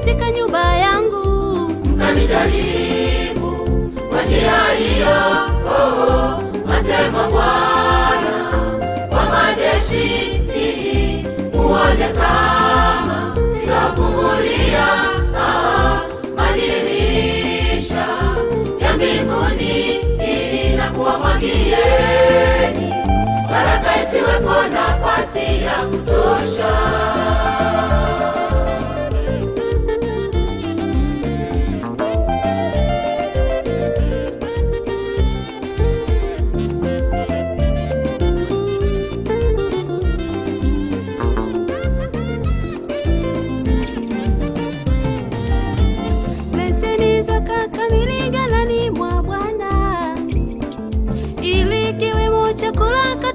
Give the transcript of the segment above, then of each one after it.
katika nyumba yangu, mkanijaribu kwa njia hiyo, oh, asema Bwana wa majeshi, ili muone kama sitafungulia ah, madirisha ya mbinguni ili na kuwamwagieni baraka isiwepo nafasi ya kutosha.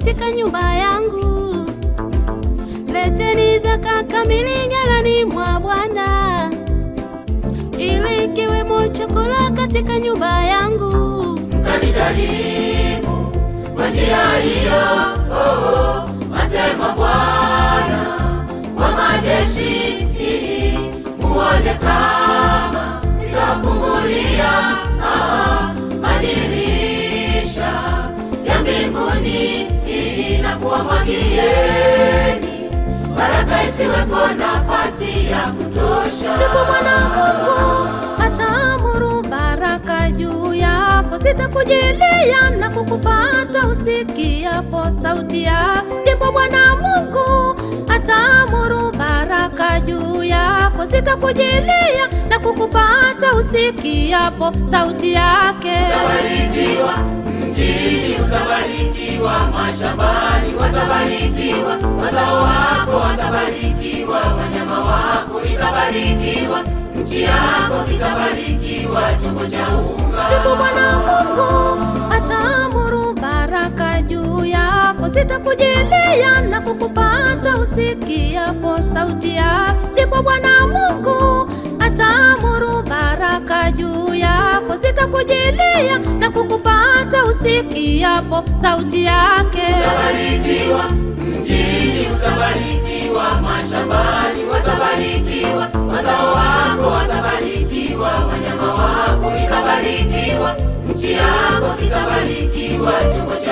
katika nyumba yangu. Leteni zaka kamili ghalani mwa Bwana, ili ikiwemo chakula katika nyumba yangu. Mkanijaribu kwa njia hiyo, oh, oh, asema Bwana wa majeshi, ili muone kusiwepo nafasi ya kutosha. Ndipo Bwana Mungu ataamuru baraka juu yako, sitakujilia na kukupata usikiapo sauti yake. Ndipo Bwana Mungu ataamuru baraka juu yako, sitakujilia na kukupata usikiapo sauti yake. Utabarikiwa mjini, utabarikiwa mashambani, watabarikiwa nchi yako kitabarikiwa chombo cha unga. Ndipo Bwana Mungu ataamuru baraka juu yako, zitakujilia na kukupata usikiapo sauti yako Ndipo Bwana Mungu ataamuru baraka juu yako, zitakujilia na kukupata usikiapo sauti yake. Utabarikiwa mjini utabarikiwa, mashambani watabarikiwa, wazao wako watabarikiwa, wanyama wako itabarikiwa, nchi yako itabarikiwa.